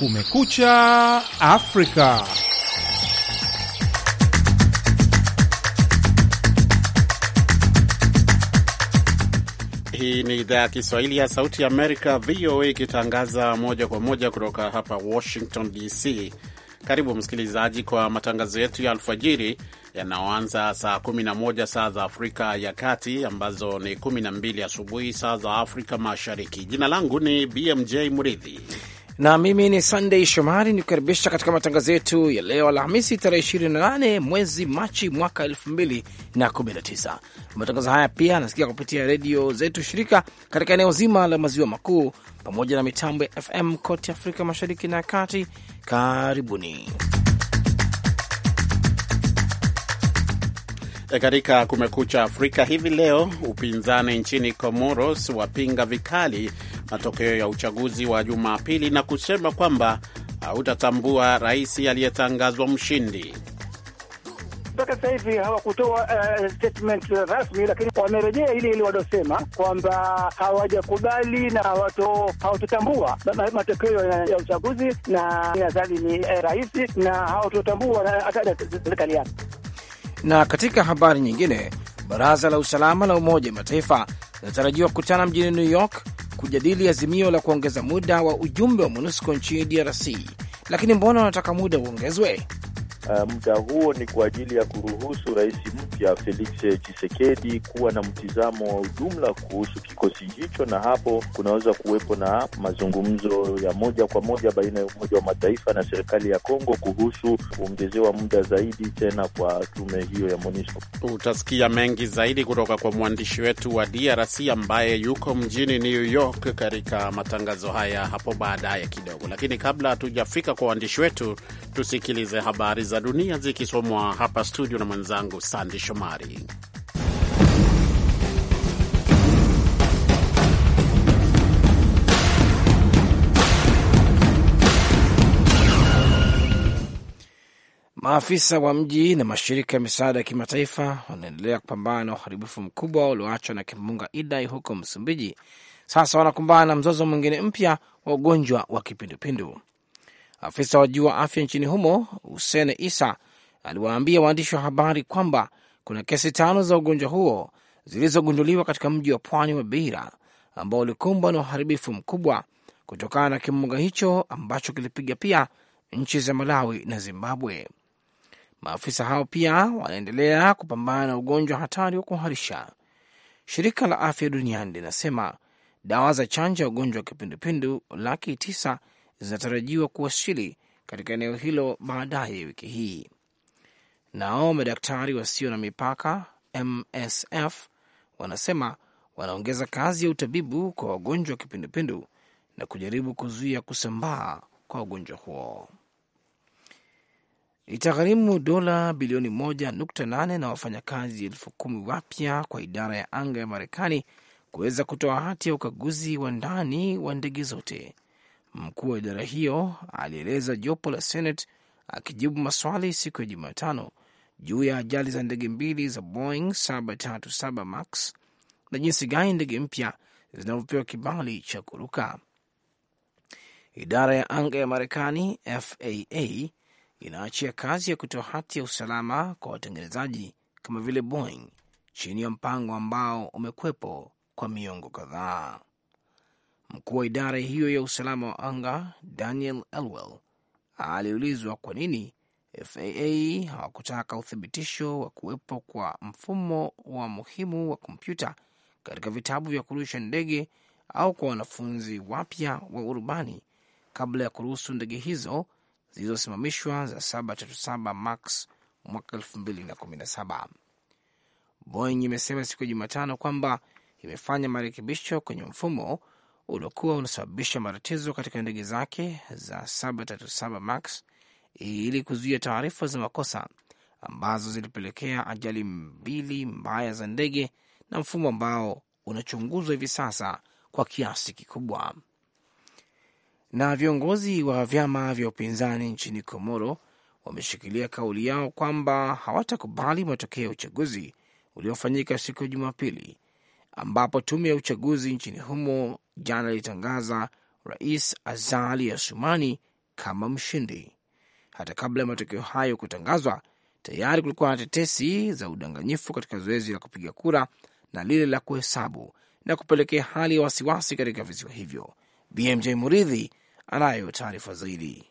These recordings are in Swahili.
Kumekucha Afrika. Hii ni idhaa ya Kiswahili ya Sauti ya Amerika, VOA, ikitangaza moja kwa moja kutoka hapa Washington DC. Karibu msikilizaji kwa matangazo yetu ya alfajiri yanayoanza saa 11 saa za Afrika ya Kati, ambazo ni 12 asubuhi saa za Afrika Mashariki. Jina langu ni BMJ Muridhi na mimi ni Sunday Shomari nikukaribisha katika matangazo yetu ya leo Alhamisi tarehe 28 mwezi Machi mwaka 2019. Matangazo haya pia anasikia kupitia redio zetu shirika katika eneo zima la maziwa makuu pamoja na mitambo ya FM kote Afrika mashariki na kati. Karibuni. Katika Kumekucha Afrika hivi leo, upinzani nchini Comoros wapinga vikali matokeo ya uchaguzi wa Jumapili na kusema kwamba hautatambua rais aliyetangazwa mshindi. Mpaka sasa hivi hawakutoa uh, statement rasmi, lakini wamerejea ile ile waliosema kwamba hawajakubali na hawatotambua matokeo ya uchaguzi, na nadhani ni eh, rais na hawatotambua serikali yake. Na katika habari nyingine, baraza la usalama la Umoja wa Mataifa linatarajiwa kukutana mjini New York kujadili azimio la kuongeza muda wa ujumbe wa MONUSCO nchini DRC. Lakini mbona wanataka muda uongezwe? Uh, muda huo ni kwa ajili ya kuruhusu rais mpya Felix Tshisekedi kuwa na mtizamo wa ujumla kuhusu kikosi hicho, na hapo kunaweza kuwepo na mazungumzo ya moja kwa moja baina ya Umoja wa Mataifa na serikali ya Kongo kuhusu kuongezewa muda zaidi tena kwa tume hiyo ya MONUSCO. Utasikia mengi zaidi kutoka kwa mwandishi wetu wa DRC ambaye yuko mjini New York katika matangazo haya hapo baadaye kidogo, lakini kabla hatujafika kwa waandishi wetu, tusikilize habari za dunia zikisomwa hapa studio na mwenzangu Sandi Shomari. Maafisa wa mji na mashirika ya misaada ya kimataifa wanaendelea kupambana na uharibifu mkubwa ulioachwa na kimbunga Idai huko Msumbiji. Sasa wanakumbana na mzozo mwingine mpya wa ugonjwa wa kipindupindu. Afisa wa juu wa afya nchini humo husen Isa aliwaambia waandishi wa habari kwamba kuna kesi tano za ugonjwa huo zilizogunduliwa katika mji wa pwani wa Beira ambao ulikumbwa na uharibifu mkubwa kutokana na kimbunga hicho ambacho kilipiga pia nchi za Malawi na Zimbabwe. Maafisa hao pia wanaendelea kupambana na ugonjwa hatari wa kuharisha. Shirika la Afya Duniani linasema dawa za chanjo ya ugonjwa wa kipindupindu laki tisa zinatarajiwa kuwasili katika eneo hilo baadaye wiki hii. Nao madaktari wasio na mipaka MSF wanasema wanaongeza kazi ya utabibu kwa wagonjwa wa kipindupindu na kujaribu kuzuia kusambaa kwa ugonjwa huo. Itagharimu dola bilioni 1.8 na wafanyakazi elfu kumi wapya kwa idara ya anga ya Marekani kuweza kutoa hati ya ukaguzi wa ndani wa ndege zote Mkuu wa idara hiyo alieleza jopo la Senate akijibu maswali siku ya Jumatano juu ya ajali za ndege mbili za Boeing 737 Max na jinsi gani ndege mpya zinavyopewa kibali cha kuruka. Idara ya anga ya Marekani FAA inaachia kazi ya kutoa hati ya usalama kwa watengenezaji kama vile Boeing chini ya mpango ambao umekwepo kwa miongo kadhaa. Mkuu wa idara hiyo ya usalama wa anga Daniel Elwell aliulizwa kwa nini FAA hawakutaka uthibitisho wa kuwepo kwa mfumo wa muhimu wa kompyuta katika vitabu vya kurusha ndege au kwa wanafunzi wapya wa urubani kabla ya kuruhusu ndege hizo zilizosimamishwa za 737 max mwaka 2017. Boeing imesema siku ya Jumatano kwamba imefanya marekebisho kwenye mfumo uliokuwa unasababisha matatizo katika ndege zake za 737 max ili kuzuia taarifa za makosa ambazo zilipelekea ajali mbili mbaya za ndege na mfumo ambao unachunguzwa hivi sasa kwa kiasi kikubwa. Na viongozi wa vyama vya upinzani nchini Komoro wameshikilia kauli yao kwamba hawatakubali matokeo ya uchaguzi uliofanyika siku ya Jumapili ambapo tume ya uchaguzi nchini humo jana ilitangaza Rais Azali Asumani kama mshindi. Hata kabla ya matokeo hayo kutangazwa, tayari kulikuwa na tetesi za udanganyifu katika zoezi la kupiga kura na lile la kuhesabu na kupelekea hali ya wasiwasi katika visiwa hivyo. BMJ Muridhi anayo taarifa zaidi.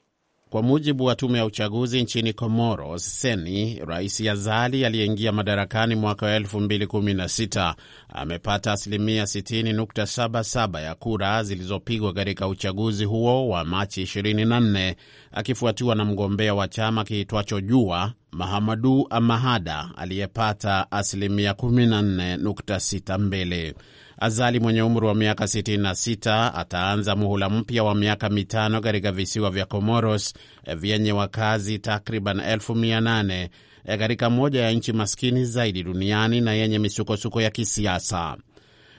Kwa mujibu wa tume ya uchaguzi nchini Komoro, Seni, rais Yazali aliyeingia madarakani mwaka wa 2016 amepata asilimia 60.77 ya kura zilizopigwa katika uchaguzi huo wa Machi 24 akifuatiwa na mgombea wa chama kiitwacho Jua Mahamadu Amahada aliyepata asilimia 14.62. Azali mwenye umri wa miaka 66 ataanza muhula mpya wa miaka mitano katika visiwa vya Comoros eh, vyenye wakazi takriban elfu mia nane eh, katika moja ya nchi maskini zaidi duniani na yenye misukosuko ya kisiasa.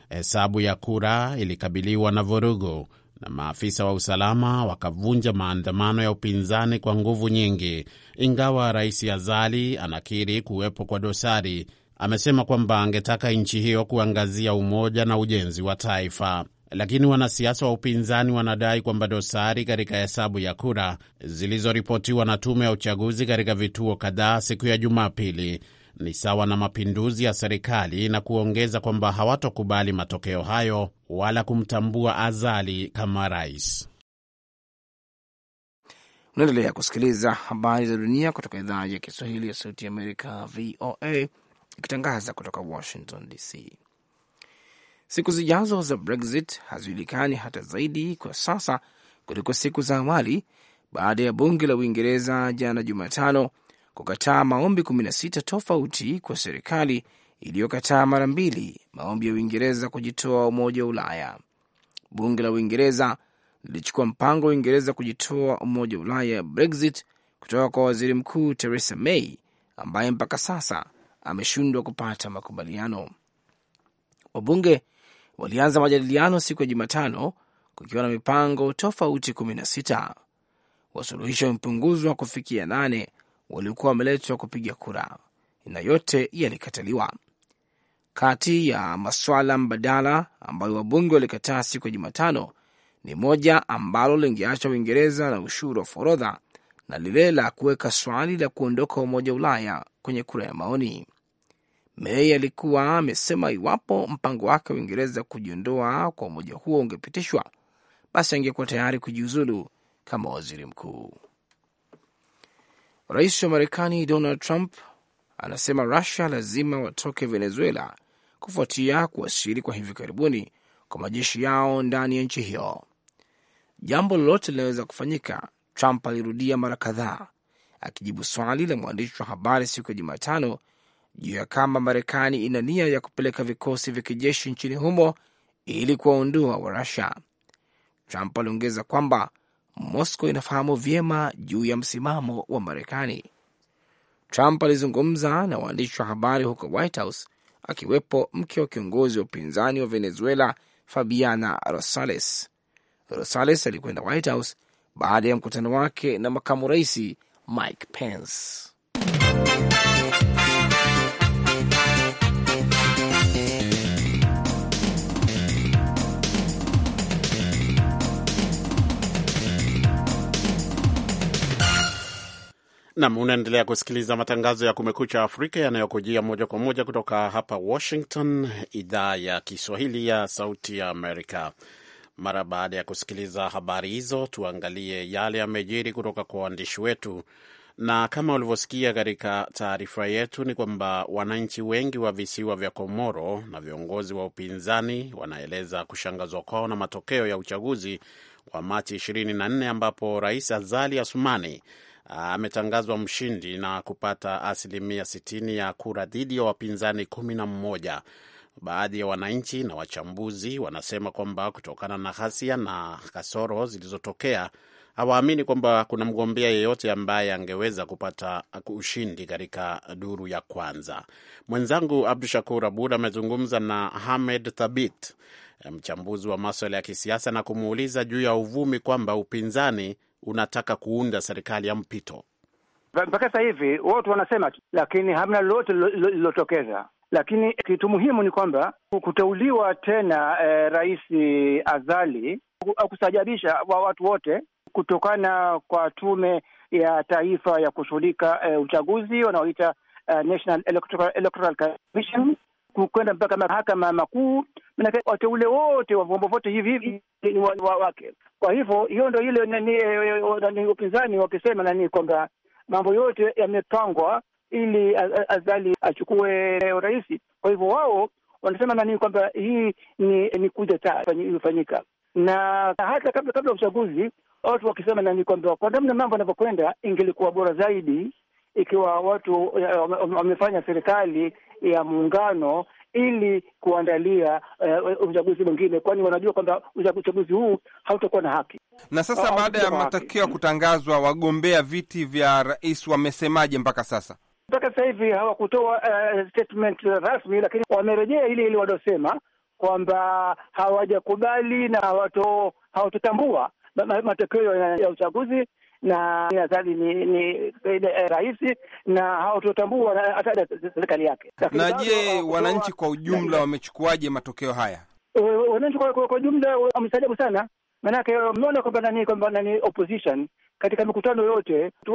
Hesabu eh, ya kura ilikabiliwa na vurugu na maafisa wa usalama wakavunja maandamano ya upinzani kwa nguvu nyingi. Ingawa rais Azali anakiri kuwepo kwa dosari, amesema kwamba angetaka nchi hiyo kuangazia umoja na ujenzi wa taifa. Lakini wanasiasa wa upinzani wanadai kwamba dosari katika hesabu ya kura zilizoripotiwa na tume ya uchaguzi katika vituo kadhaa siku ya Jumapili ni sawa na mapinduzi ya serikali na kuongeza kwamba hawatokubali matokeo hayo wala kumtambua Azali kama rais. Unaendelea kusikiliza habari za dunia kutoka idhaa ya Kiswahili ya Sauti ya Amerika, VOA Ikitangaza kutoka Washington DC. Siku zijazo za Brexit hazijulikani hata zaidi kwa sasa kuliko siku za awali baada ya bunge la Uingereza jana Jumatano kukataa maombi 16 tofauti kwa serikali iliyokataa mara mbili maombi ya Uingereza kujitoa Umoja wa Ulaya. Bunge la Uingereza lilichukua mpango wa Uingereza kujitoa Umoja wa Ulaya, Brexit, kutoka kwa waziri mkuu Theresa May ambaye mpaka sasa ameshindwa kupata makubaliano. Wabunge walianza majadiliano siku ya Jumatano kukiwa na mipango tofauti kumi na sita. Wasuluhisho wamepunguzwa kufikia nane waliokuwa wameletwa kupiga kura na yote yalikataliwa. Kati ya maswala mbadala ambayo wabunge walikataa siku ya Jumatano ni moja ambalo lingeacha Uingereza na ushuru wa forodha na lile la kuweka swali la kuondoka Umoja wa Ulaya kwenye kura ya maoni. May alikuwa amesema iwapo mpango wake wa Uingereza kujiondoa kwa umoja huo ungepitishwa, basi angekuwa tayari kujiuzulu kama waziri mkuu. Rais wa Marekani Donald Trump anasema Rusia lazima watoke Venezuela kufuatia kuwasili kwa hivi karibuni kwa majeshi yao ndani ya nchi hiyo. Jambo lolote linaweza kufanyika Trump alirudia mara kadhaa akijibu swali la mwandishi wa habari siku ya Jumatano juu ya kama Marekani ina nia ya kupeleka vikosi vya kijeshi nchini humo ili kuwaondoa Warusia. Trump aliongeza kwamba Moscow inafahamu vyema juu ya msimamo wa Marekani. Trump alizungumza na waandishi wa habari huko White House, akiwepo mke wa kiongozi wa upinzani wa Venezuela, Fabiana Rosales. Rosales alikwenda White House baada ya mkutano wake na makamu rais Mike Pence. Nam, unaendelea kusikiliza matangazo ya Kumekucha Afrika yanayokujia moja kwa moja kutoka hapa Washington, idhaa ya Kiswahili ya Sauti ya Amerika. Mara baada ya kusikiliza habari hizo, tuangalie yale yamejiri kutoka kwa waandishi wetu, na kama ulivyosikia katika taarifa yetu ni kwamba wananchi wengi wa visiwa vya Komoro na viongozi wa upinzani wanaeleza kushangazwa kwao na matokeo ya uchaguzi wa Machi 24 ambapo Rais Azali Asumani ametangazwa mshindi na kupata asilimia 60 ya kura dhidi ya wapinzani 11 Baadhi ya wananchi na wachambuzi wanasema kwamba kutokana na ghasia na kasoro zilizotokea hawaamini kwamba kuna mgombea yeyote ambaye angeweza kupata ushindi katika duru ya kwanza. Mwenzangu Abdu Shakur Abud amezungumza na Hamed Thabit, mchambuzi wa maswala ya kisiasa, na kumuuliza juu ya uvumi kwamba upinzani unataka kuunda serikali ya mpito. Mpaka sasa hivi wanasema lakini hamna lolote lilotokeza lakini kitu muhimu ni kwamba kuteuliwa tena e, Rais Azali kusajabisha wa watu wote kutokana kwa tume ya taifa ya kushughulika e, uchaguzi wanaoita eh, National Electoral, Electoral Commission kwenda mpaka mahakama makuu, manake wateule wote wa vyombo vyote hivi hivi ni wake. Kwa hivyo hiyo ndo ile upinzani wakisema nani kwamba mambo yote yamepangwa ili Azali achukue eh, urais. Kwa hivyo wao wanasema nani kwamba hii ni ni kuja taa iliyofanyika, na hata kabla kabla ya uchaguzi watu wakisema nani kwamba kwa namna mambo yanavyokwenda, ingelikuwa bora zaidi ikiwa watu eh, wamefanya serikali ya muungano ili kuandalia eh, uchaguzi uh, mwingine, kwani wanajua kwamba uchaguzi huu hautakuwa na haki. Na sasa ah, baada ya matokeo ya kutangazwa, wagombea viti vya rais wamesemaje mpaka sasa? Mpaka sasa hivi hawakutoa uh, statement rasmi, lakini wamerejea ile ile waliosema kwamba hawajakubali na hawato hawatotambua matokeo ya uchaguzi na nadhani ni, ni eh, rais na hawatotambua hata serikali yake. Na je, wananchi kwa ujumla wamechukuaje matokeo haya? Eh, wananchi kwa ujumla wamesajabu sana, maanake wameona kwamba nani kwamba nani opposition katika mikutano yote watu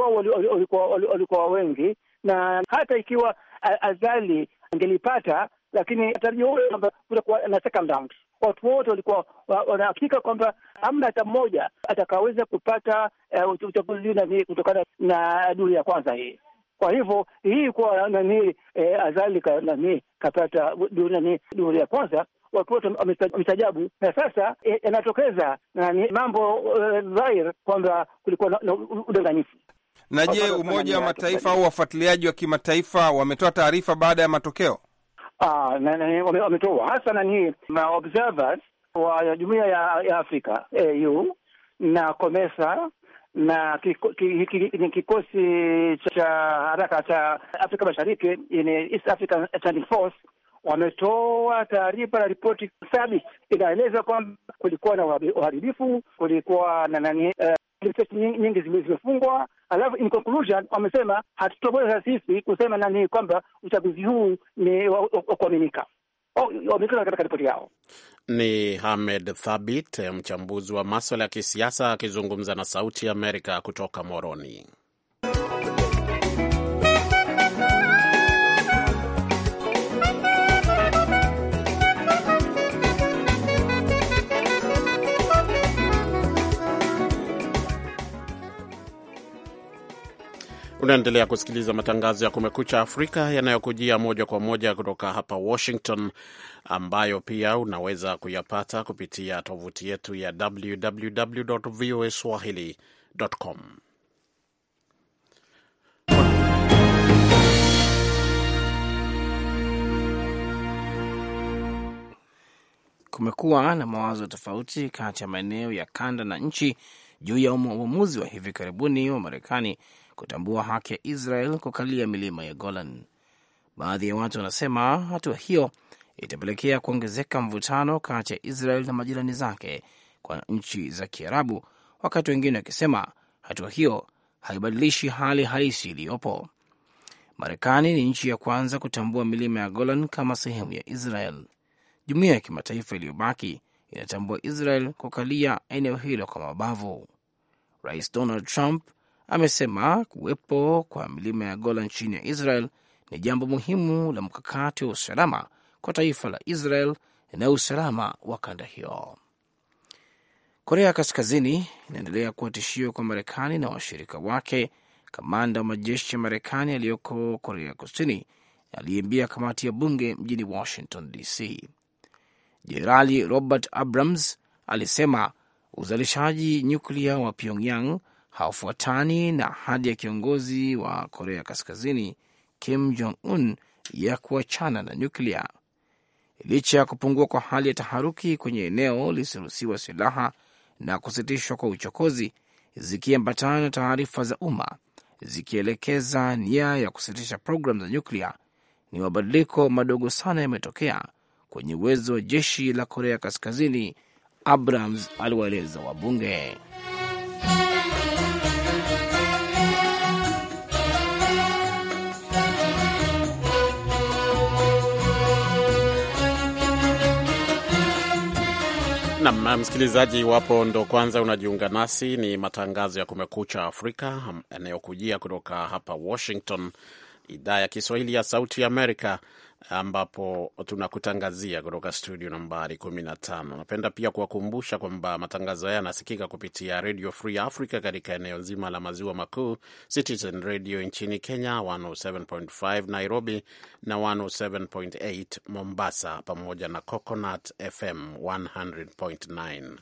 wao walikuwa wengi na hata ikiwa azali angelipata, lakini tarajio huyo kwamba kutakuwa na second round. Watu wote walikuwa wanahakika kwamba amna hata mmoja atakaweza kupata e, uchaguzi nani kutokana na duru ya kwanza hii. Kwa hivyo hii kuwa nani e, azali nani kapata nani duru ya kwanza watu wote wamestajabu na sasa e, yanatokeza e, nani mambo dhahir kwamba kulikuwa na udanganyifu. Na je, Umoja wa Mataifa au wafuatiliaji wa kimataifa wametoa taarifa baada ya matokeo? Ah, wametoa hasa nani, maobservers wa jumuiya ya Afrika AU na COMESA na ki, kikosi cha haraka cha Afrika Mashariki, East African Standing Force wametoa taarifa na ripoti thabiti inaeleza kwamba kulikuwa na uharibifu, kulikuwa na nani eh, chechi nyingi zimefungwa. Alafu in conclusion wamesema hatutobweza sisi kusema nani kwamba uchaguzi huu ni wa kuaminika. katika ripoti yao. Ni Hamed Thabit, mchambuzi wa maswala ya kisiasa akizungumza na Sauti ya Amerika kutoka Moroni. Unaendelea kusikiliza matangazo ya Kumekucha Afrika yanayokujia moja kwa moja kutoka hapa Washington, ambayo pia unaweza kuyapata kupitia tovuti yetu ya www voa swahili com. Kumekuwa na mawazo tofauti kati ya maeneo ya kanda na nchi juu ya uamuzi wa hivi karibuni wa Marekani kutambua haki ya Israel kukalia milima ya Golan. Baadhi ya watu wanasema hatua hiyo itapelekea kuongezeka mvutano kati ya Israel na majirani zake kwa nchi za Kiarabu, wakati wengine wakisema hatua hiyo haibadilishi hali halisi iliyopo. Marekani ni nchi ya kwanza kutambua milima ya Golan kama sehemu ya Israel. Jumuiya ya kimataifa iliyobaki inatambua Israel kukalia eneo hilo kwa mabavu. Rais Donald Trump amesema kuwepo kwa milima ya Golan chini ya Israel ni jambo muhimu la mkakati wa usalama kwa taifa la Israel na usalama wa kanda hiyo. Korea Kaskazini inaendelea kuwa tishio kwa Marekani na washirika wake. Kamanda wa majeshi ya Marekani aliyoko Korea Kusini aliyeimbia kamati ya bunge mjini Washington DC. Jenerali Robert Abrams alisema uzalishaji nyuklia wa Pyongyang hawafuatani na ahadi ya kiongozi wa Korea Kaskazini Kim Jong Un ya kuachana na nyuklia. Licha ya kupungua kwa hali ya taharuki kwenye eneo lisiruhusiwa silaha na kusitishwa kwa uchokozi zikiambatana na taarifa za umma zikielekeza nia ya kusitisha programu za nyuklia, ni mabadiliko madogo sana yametokea kwenye uwezo wa jeshi la Korea Kaskazini, Abrams aliwaeleza wabunge. Nam msikilizaji, iwapo ndo kwanza unajiunga nasi, ni matangazo ya Kumekucha Afrika yanayokujia kutoka hapa Washington idhaa ya Kiswahili ya Sauti ya Amerika ambapo tunakutangazia kutoka studio nambari 15. Napenda pia kuwakumbusha kwamba matangazo haya yanasikika kupitia Radio Free Africa katika eneo nzima la maziwa makuu, Citizen Radio nchini Kenya 107.5 Nairobi na 107.8 Mombasa, pamoja na Coconut FM 100.9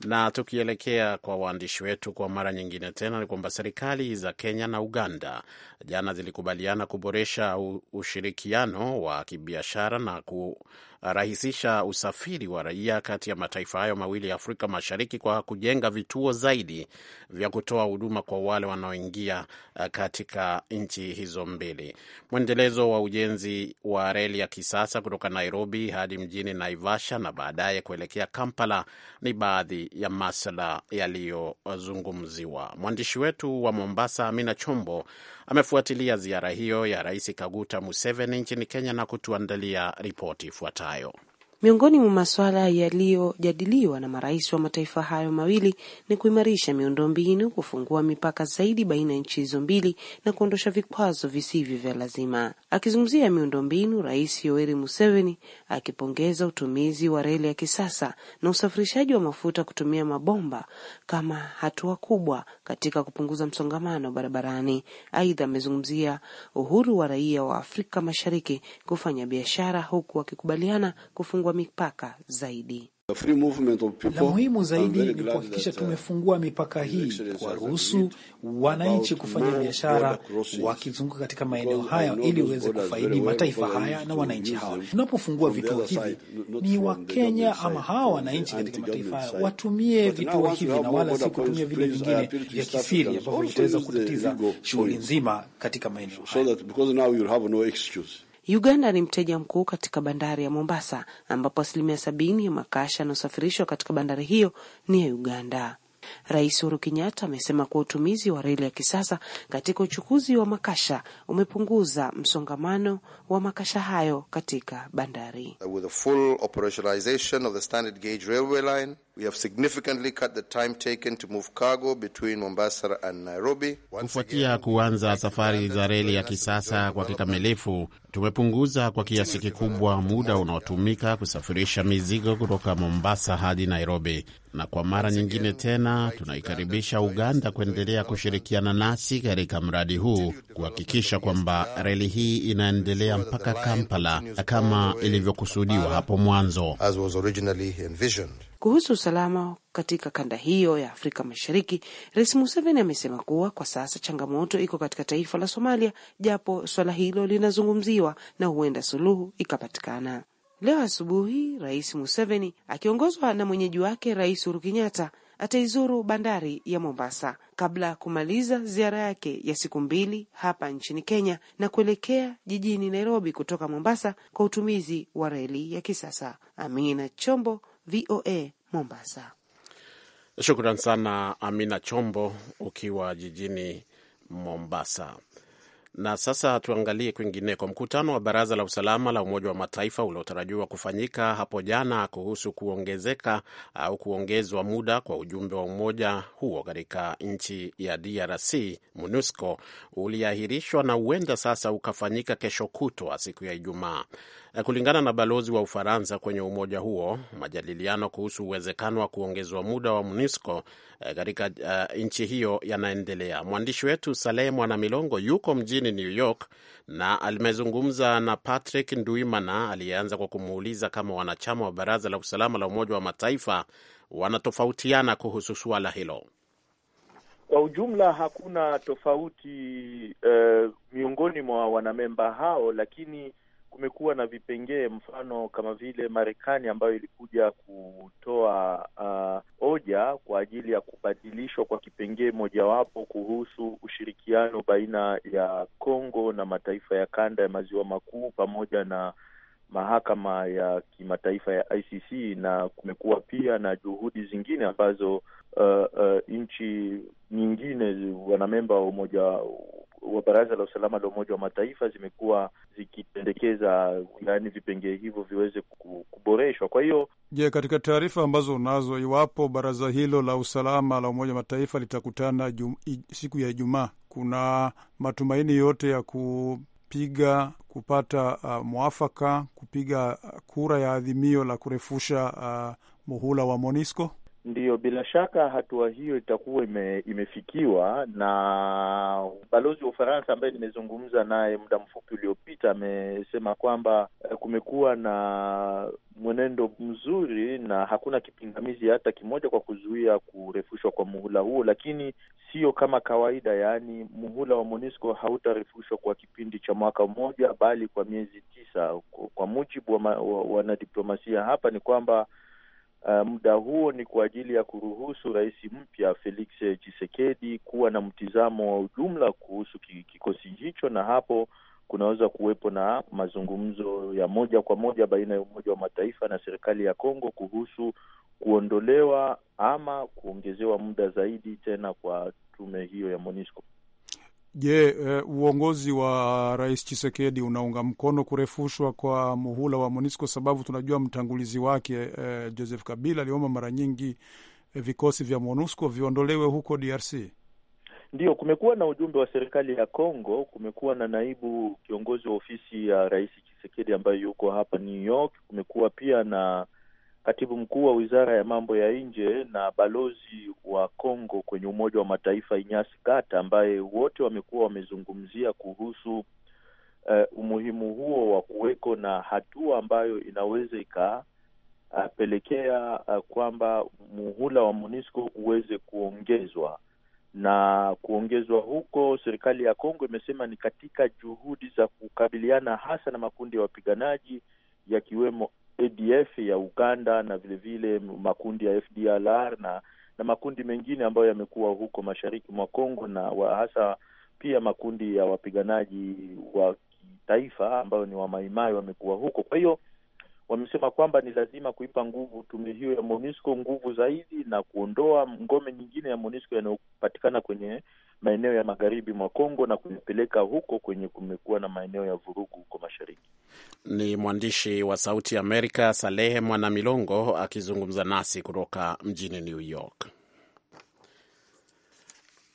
na tukielekea kwa waandishi wetu kwa mara nyingine tena, ni kwamba serikali za Kenya na Uganda jana zilikubaliana kuboresha ushirikiano wa kibiashara na ku rahisisha usafiri wa raia kati ya mataifa hayo mawili ya Afrika Mashariki kwa kujenga vituo zaidi vya kutoa huduma kwa wale wanaoingia eh, katika nchi hizo mbili. Mwendelezo wa ujenzi wa reli ya kisasa kutoka Nairobi hadi mjini Naivasha na baadaye kuelekea Kampala ni baadhi ya masuala yaliyozungumziwa. Mwandishi wetu wa Mombasa, Amina Chombo, amefuatilia ziara hiyo ya Rais Kaguta Museveni nchini Kenya na kutuandalia ripoti ifuatayo. gennaio. Miongoni mwa masuala yaliyojadiliwa na marais wa mataifa hayo mawili ni kuimarisha miundombinu, kufungua mipaka zaidi baina ya nchi hizo mbili na kuondosha vikwazo visivyo vya lazima. Akizungumzia miundombinu, Rais Yoweri Museveni akipongeza utumizi wa reli ya kisasa na usafirishaji wa mafuta kutumia mabomba kama hatua kubwa katika kupunguza msongamano barabarani. Aidha, amezungumzia uhuru wa raia wa Afrika Mashariki kufanya biashara huku wakikubaliana kufungua mipaka zaidi. La muhimu zaidi ni kuhakikisha tumefungua uh, mipaka hii, kuwaruhusu wananchi kufanya biashara wakizunguka katika maeneo hayo ili uweze kufaidi mataifa haya na wananchi hawa. Tunapofungua vituo hivi, ni Wakenya ama hawa wananchi katika mataifa haya watumie vituo hivi na wala si kutumia vile vingine vya kisiri ambavyo vitaweza kutatiza shughuli nzima katika maeneo haya. Uganda ni mteja mkuu katika bandari ya Mombasa, ambapo asilimia sabini ya makasha yanayosafirishwa katika bandari hiyo ni ya Uganda. Rais Uhuru Kenyatta amesema kuwa utumizi wa reli ya kisasa katika uchukuzi wa makasha umepunguza msongamano wa makasha hayo katika bandari. With the full operationalization of the standard gauge railway line Kufuatia kuanza safari za reli ya kisasa kwa kikamilifu, tumepunguza kwa kiasi kikubwa muda unaotumika kusafirisha mizigo kutoka Mombasa hadi Nairobi, na kwa mara nyingine tena tunaikaribisha Uganda kuendelea kushirikiana nasi katika mradi huu kuhakikisha kwamba reli hii inaendelea mpaka Kampala kama ilivyokusudiwa hapo mwanzo. Kuhusu usalama katika kanda hiyo ya Afrika Mashariki, Rais Museveni amesema kuwa kwa sasa changamoto iko katika taifa la Somalia, japo swala hilo linazungumziwa na huenda suluhu ikapatikana. Leo asubuhi, Rais Museveni akiongozwa na mwenyeji wake Rais Uhuru Kenyatta ataizuru bandari ya Mombasa kabla ya kumaliza ziara yake ya siku mbili hapa nchini Kenya na kuelekea jijini Nairobi kutoka Mombasa kwa utumizi wa reli ya kisasa. Amina Chombo, VOA Mombasa. Shukran sana Amina Chombo ukiwa jijini Mombasa. Na sasa tuangalie kwingineko. Mkutano wa baraza la usalama la Umoja wa Mataifa uliotarajiwa kufanyika hapo jana kuhusu kuongezeka au kuongezwa muda kwa ujumbe wa umoja huo katika nchi ya DRC, MONUSCO, uliahirishwa na huenda sasa ukafanyika kesho kutwa siku ya Ijumaa. Kulingana na balozi wa Ufaransa kwenye umoja huo, majadiliano kuhusu uwezekano wa kuongezwa muda wa MONUSCO eh, katika uh, nchi hiyo yanaendelea. Mwandishi wetu Saleh Mwanamilongo yuko mjini New York na amezungumza na Patrick Nduimana aliyeanza kwa kumuuliza kama wanachama wa Baraza la Usalama la Umoja wa Mataifa wanatofautiana kuhusu suala hilo. Kwa ujumla hakuna tofauti uh, miongoni mwa wanamemba hao, lakini kumekuwa na vipengee, mfano kama vile Marekani ambayo ilikuja kutoa uh, hoja kwa ajili ya kubadilishwa kwa kipengee mojawapo kuhusu ushirikiano baina ya Kongo na mataifa ya kanda ya maziwa makuu pamoja na mahakama ya kimataifa ya ICC, na kumekuwa pia na juhudi zingine ambazo uh, uh, nchi nyingine wanamemba wa Umoja wa Baraza la Usalama la Umoja wa Mataifa zimekuwa zikipendekeza, yaani vipengee hivyo viweze kuboreshwa. Kwa hiyo je, yeah, katika taarifa ambazo unazo, iwapo baraza hilo la usalama la Umoja wa Mataifa litakutana jum, siku ya Ijumaa, kuna matumaini yote ya kupiga kupata uh, mwafaka kupiga kura ya adhimio la kurefusha uh, muhula wa MONUSCO? Ndiyo, bila shaka hatua hiyo itakuwa ime, imefikiwa na balozi wa Ufaransa ambaye nimezungumza naye muda mfupi uliopita. Amesema kwamba eh, kumekuwa na mwenendo mzuri na hakuna kipingamizi hata kimoja kwa kuzuia kurefushwa kwa muhula huo, lakini sio kama kawaida, yaani muhula wa MONUSCO hautarefushwa kwa kipindi cha mwaka mmoja, bali kwa miezi tisa. Kwa mujibu wa wanadiplomasia hapa ni kwamba Uh, muda huo ni kwa ajili ya kuruhusu rais mpya Felix chisekedi kuwa na mtizamo wa ujumla kuhusu kikosi hicho, na hapo kunaweza kuwepo na mazungumzo ya moja kwa moja baina ya Umoja wa Mataifa na serikali ya Kongo kuhusu kuondolewa ama kuongezewa muda zaidi tena kwa tume hiyo ya MONUSCO. Je, uh, uongozi wa Rais Chisekedi unaunga mkono kurefushwa kwa muhula wa MONUSCO kwa sababu tunajua mtangulizi wake uh, Joseph Kabila aliomba mara nyingi uh, vikosi vya MONUSCO viondolewe huko DRC. Ndio, kumekuwa na ujumbe wa serikali ya Congo, kumekuwa na naibu kiongozi wa ofisi ya Rais Chisekedi ambayo yuko hapa New York, kumekuwa pia na Katibu mkuu wa wizara ya mambo ya nje na balozi wa congo kwenye Umoja wa Mataifa Inyasi Gata, ambaye wote wamekuwa wamezungumzia kuhusu uh, umuhimu huo wa kuweko na hatua ambayo inaweza ikapelekea uh, uh, kwamba muhula wa MONUSCO uweze kuongezwa na kuongezwa huko, serikali ya Kongo imesema ni katika juhudi za kukabiliana hasa na makundi ya wapiganaji yakiwemo ADF ya Uganda na vilevile vile makundi ya FDLR na na makundi mengine ambayo yamekuwa huko mashariki mwa Kongo na wa hasa pia makundi ya wapiganaji wa kitaifa ambayo ni wamaimai wamekuwa huko. Kwa hiyo wamesema kwamba ni lazima kuipa nguvu tume hiyo ya MONUSCO nguvu zaidi na kuondoa ngome nyingine ya MONUSCO yanayopatikana kwenye maeneo ya magharibi mwa Kongo na kuipeleka huko kwenye kumekuwa na maeneo ya vurugu huko mashariki. Ni mwandishi wa Sauti Amerika Salehe Mwanamilongo akizungumza nasi kutoka mjini New York.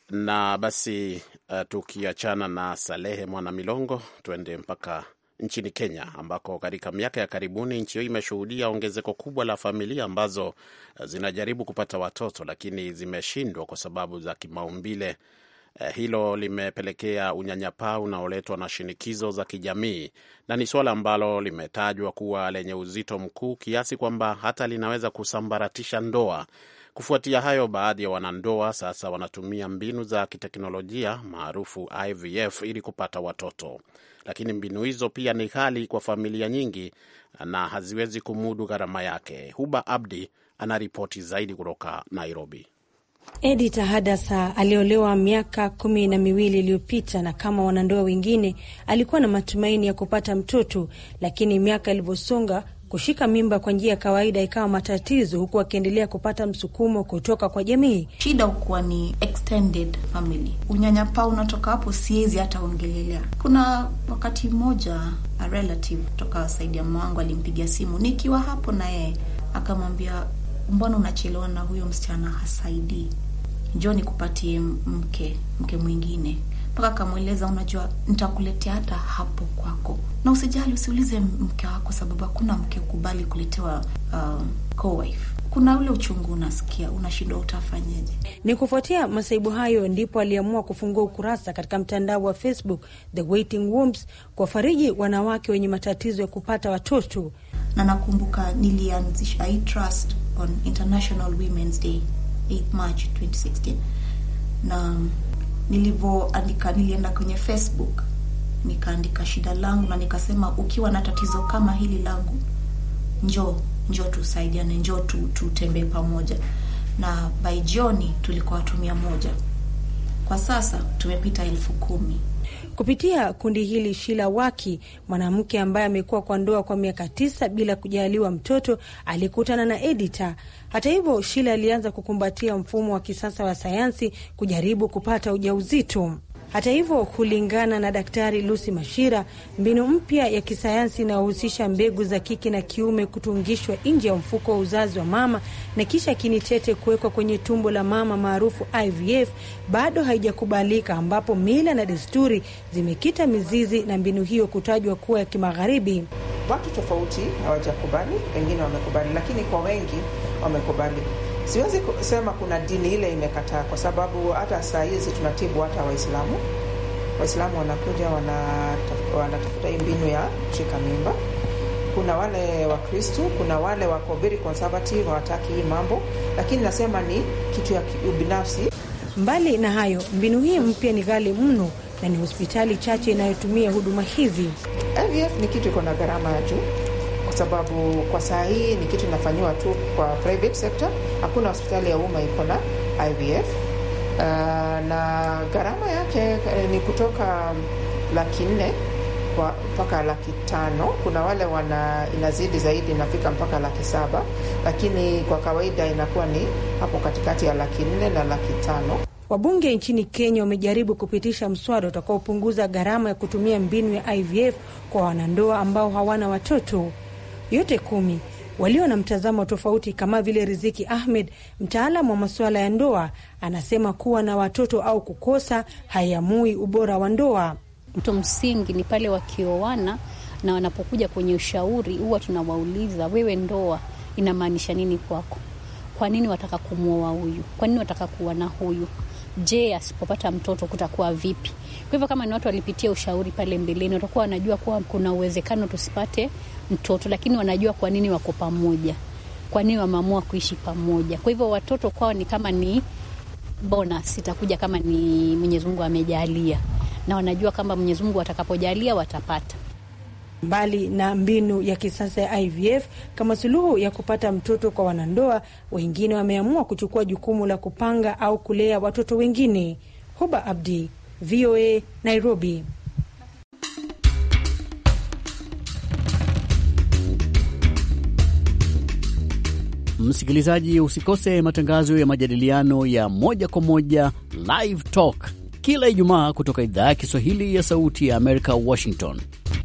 Na basi uh, tukiachana na Salehe Mwanamilongo tuende mpaka nchini Kenya, ambako katika miaka ya karibuni nchi hiyo imeshuhudia ongezeko kubwa la familia ambazo eh, zinajaribu kupata watoto lakini zimeshindwa kwa sababu za kimaumbile. Eh, hilo limepelekea unyanyapaa unaoletwa na shinikizo za kijamii, na ni suala ambalo limetajwa kuwa lenye uzito mkuu kiasi kwamba hata linaweza kusambaratisha ndoa Kufuatia hayo, baadhi ya wanandoa sasa wanatumia mbinu za kiteknolojia maarufu IVF ili kupata watoto, lakini mbinu hizo pia ni ghali kwa familia nyingi na haziwezi kumudu gharama yake. Huba Abdi anaripoti zaidi kutoka Nairobi. Edita Hadasa aliolewa miaka kumi na miwili iliyopita na kama wanandoa wengine alikuwa na matumaini ya kupata mtoto, lakini miaka ilivyosonga kushika mimba kwa njia ya kawaida ikawa matatizo, huku akiendelea kupata msukumo kutoka kwa jamii. Shida hukuwa ni extended family, unyanyapaa unatoka hapo, siwezi hata ongelelea. Kuna wakati mmoja a relative kutoka saidi ya wangu alimpigia simu nikiwa hapo, na yeye akamwambia, mbona unachelewa na huyo msichana hasaidii, njoo nikupatie mke mke mwingine mpaka akamweleza, unajua nitakuletea hata hapo kwako, na usijali, usiulize mke wako, sababu hakuna mke ukubali kuletewa uh, co-wife. Kuna ule uchungu unasikia, unashindwa utafanyeje. Ni kufuatia masaibu hayo ndipo aliamua kufungua ukurasa katika mtandao wa Facebook The Waiting Wombs kwa fariji wanawake wenye matatizo ya kupata watoto. Na nakumbuka nilianzisha I Trust on International Women's Day 8 March 2016 na nilivyoandika, nilienda kwenye Facebook nikaandika shida langu na nikasema, ukiwa na tatizo kama hili langu, njoo njoo tusaidiane, njoo tu tutembee pamoja. Na by jioni tulikuwa watu mia moja. Kwa sasa tumepita elfu kumi. Kupitia kundi hili, Shila Waki, mwanamke ambaye amekuwa kwa ndoa kwa miaka tisa bila kujaliwa mtoto, alikutana na Edita. Hata hivyo, Shila alianza kukumbatia mfumo wa kisasa wa sayansi kujaribu kupata ujauzito. Hata hivyo, kulingana na Daktari Lucy Mashira, mbinu mpya ya kisayansi inayohusisha mbegu za kike na kiume kutungishwa nje ya mfuko wa uzazi wa mama na kisha kini kuwekwa kwenye tumbo la mama maarufu IVF bado haijakubalika, ambapo mila na desturi zimekita mizizi na mbinu hiyo kutajwa kuwa ya kimagharibi. Watu tofauti hawajakubali, wengine wamekubali, lakini kwa wengi wamekubali. Siwezi kusema kuna dini ile imekataa, kwa sababu hata saa hizi tunatibu hata Waislamu. Waislamu wanakuja wanatafuta hii mbinu ya kushika mimba. Kuna wale Wakristu, kuna wale wako very conservative, hawataki hii mambo, lakini nasema ni kitu ya ubinafsi. Mbali na hayo, mbinu hii mpya ni ghali mno na ni hospitali chache inayotumia huduma hizi. IVF ni kitu iko na gharama ya juu, kwa sababu kwa saa hii ni kitu inafanyiwa tu kwa private sector hakuna hospitali ya umma iko na IVF. Uh, na gharama yake eh, ni kutoka laki nne mpaka laki tano. Kuna wale wana inazidi zaidi inafika mpaka laki saba, lakini kwa kawaida inakuwa ni hapo katikati ya laki nne na laki tano. Wabunge nchini Kenya wamejaribu kupitisha mswada utakaopunguza gharama ya kutumia mbinu ya IVF kwa wanandoa ambao hawana watoto. Yote kumi Walio na mtazamo tofauti kama vile Riziki Ahmed, mtaalam wa masuala ya ndoa, anasema kuwa na watoto au kukosa hayamui ubora wa ndoa. Mtu msingi ni pale wakioana na wanapokuja kwenye ushauri, huwa tunawauliza, wewe, ndoa inamaanisha nini kwako? Kwa nini wataka kumwoa huyu? Kwa nini wataka kuwa na huyu? je, asipopata mtoto kutakuwa vipi? Kwa hivyo kama ni watu walipitia ushauri pale mbeleni, watakuwa wanajua kuwa kuna uwezekano tusipate mtoto, lakini wanajua kwa nini wako pamoja, kwa nini wameamua kuishi pamoja. Kwa hivyo watoto kwao ni kama ni bonus, itakuja kama ni Mwenyezi Mungu amejalia, na wanajua kama Mwenyezi Mungu atakapojalia watapata mbali na mbinu ya kisasa ya IVF kama suluhu ya kupata mtoto kwa wanandoa, wengine wameamua kuchukua jukumu la kupanga au kulea watoto wengine. Huba Abdi, VOA, Nairobi. Msikilizaji, usikose matangazo ya majadiliano ya moja kwa moja Live Talk kila Ijumaa kutoka idhaa ya Kiswahili ya Sauti ya Amerika, Washington.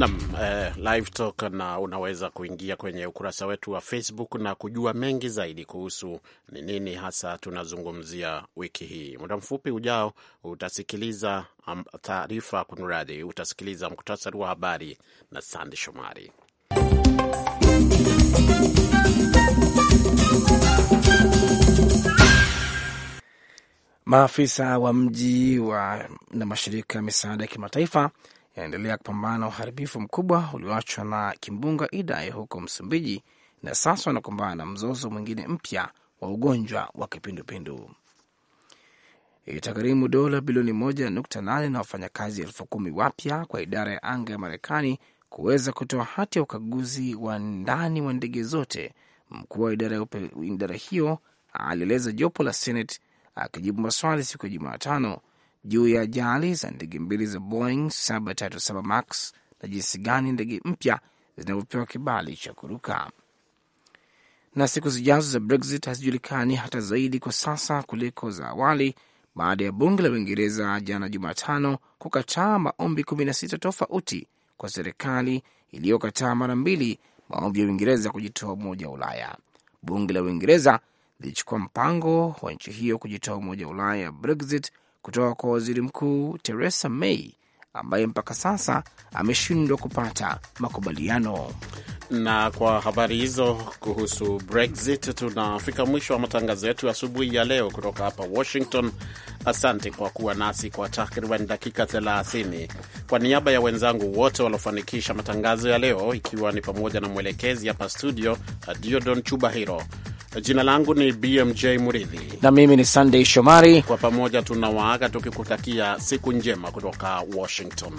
Nam eh, live talk na unaweza kuingia kwenye ukurasa wetu wa Facebook na kujua mengi zaidi kuhusu ni nini hasa tunazungumzia wiki hii. Muda mfupi ujao utasikiliza taarifa, kunuradhi, utasikiliza muktasari wa habari na Sande Shomari. Maafisa wa mji wa na mashirika ya misaada ya kimataifa yanaendelea kupambana na uharibifu mkubwa ulioachwa na kimbunga Idai huko Msumbiji, na sasa wanakumbana na mzozo mwingine mpya wa ugonjwa wa kipindupindu. Itagharimu dola bilioni moja nukta nane na wafanyakazi elfu kumi wapya kwa idara ya anga ya Marekani kuweza kutoa hati ya ukaguzi wa ndani wa ndege zote. Mkuu wa idara, idara hiyo alieleza jopo la Senate akijibu maswali siku ya Jumatano juu ya ajali za ndege mbili za Boeing 737 Max na jinsi gani ndege mpya zinavyopewa kibali cha kuruka. Na siku zijazo za Brexit hazijulikani hata zaidi kwa sasa kuliko za awali baada ya bunge la Uingereza jana Jumatano kukataa maombi 16 tofauti kwa serikali iliyokataa mara mbili maombi ya Uingereza kujitoa Umoja wa Ulaya. Bunge la Uingereza lilichukua mpango wa nchi hiyo kujitoa Umoja wa Ulaya, Brexit, kutoka kwa waziri mkuu Theresa May ambaye mpaka sasa ameshindwa kupata makubaliano. Na kwa habari hizo kuhusu Brexit, tunafika mwisho wa matangazo yetu asubuhi ya leo kutoka hapa Washington. Asante kwa kuwa nasi kwa takriban dakika 30. Kwa niaba ya wenzangu wote waliofanikisha matangazo ya leo, ikiwa ni pamoja na mwelekezi hapa studio Diodon Chubahiro, Jina langu ni BMJ Muridhi na mimi ni Sunday Shomari. Kwa pamoja tunawaaga tukikutakia siku njema kutoka Washington.